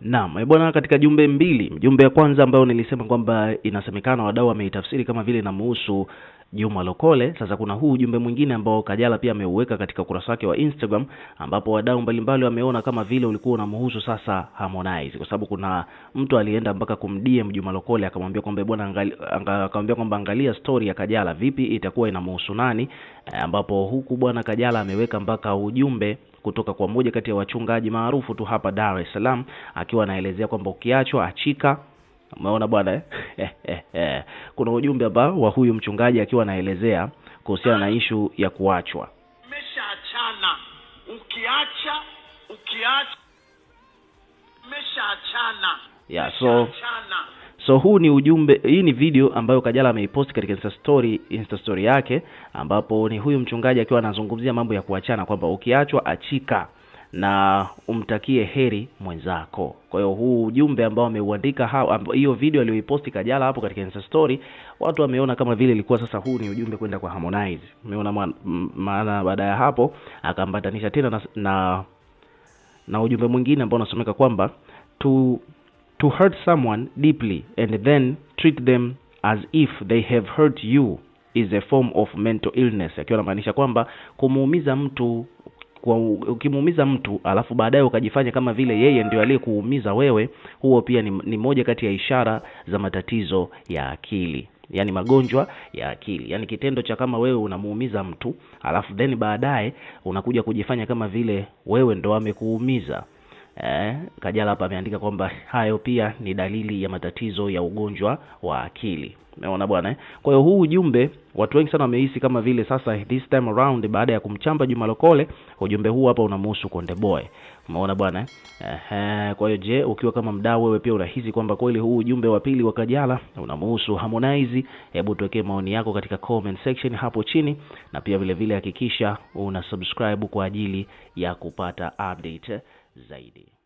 Naam, eh, bwana, katika jumbe mbili, jumbe ya kwanza ambayo nilisema kwamba inasemekana wadau wameitafsiri kama vile inamuhusu Juma Lokole. Sasa kuna huu ujumbe mwingine ambao Kajala pia ameuweka katika ukurasa wake wa Instagram, ambapo wadau mbalimbali wameona kama vile ulikuwa unamhusu sasa Harmonize, kwa sababu kuna mtu alienda mpaka kumdm Juma Lokole akamwambia kwamba bwana, akamwambia kwamba angalia story ya Kajala, vipi itakuwa inamhusu nani? Eh, ambapo huku bwana Kajala ameweka mpaka ujumbe kutoka kwa mmoja kati ya wachungaji maarufu tu hapa Dar es Salaam, akiwa anaelezea kwamba ukiachwa achika. Umeona bwana eh? Kuna ujumbe hapa wa huyu mchungaji akiwa anaelezea kuhusiana na ishu ya kuachwa. Umeshaachana, ukiacha ukiacha, umeshaachana. Yeah, so So huu ni ujumbe, hii ni video ambayo Kajala ameiposti katika Insta story, Insta story yake ambapo ni huyu mchungaji akiwa anazungumzia mambo ya kuachana kwamba ukiachwa achika na umtakie heri mwenzako. Kwa hiyo huu ujumbe ambao ameuandika hiyo video aliyoiposti Kajala hapo katika Insta story, watu wameona kama vile ilikuwa sasa huu ni ujumbe kwenda kwa Harmonize. Umeona, maana baada ya hapo akambatanisha tena na, na, na ujumbe mwingine ambao unasomeka kwamba tu to hurt someone deeply and then treat them as if they have hurt you is a form of mental illness, akiwa anamaanisha kwamba kumuumiza mtu kwa ukimuumiza mtu alafu baadaye ukajifanya kama vile yeye ndio aliyekuumiza wewe, huo pia ni, ni moja kati ya ishara za matatizo ya akili yaani magonjwa ya akili yaani kitendo cha kama wewe unamuumiza mtu alafu then baadaye unakuja kujifanya kama vile wewe ndo amekuumiza Eh, Kajala hapa ameandika kwamba hayo pia ni dalili ya matatizo ya ugonjwa wa akili. Umeona bwana eh? Kwa hiyo huu ujumbe watu wengi sana wamehisi kama vile sasa this time around baada ya kumchamba Juma Lokole, ujumbe huu hapa unamhusu Konde Boy. Umeona bwana eh? Eh, kwa hiyo je, ukiwa kama mdau wewe pia unahisi kwamba kweli huu ujumbe wa pili wa Kajala unamhusu Harmonize? Hebu tuwekee maoni yako katika comment section hapo chini, na pia vile vile hakikisha una subscribe kwa ajili ya kupata update zaidi.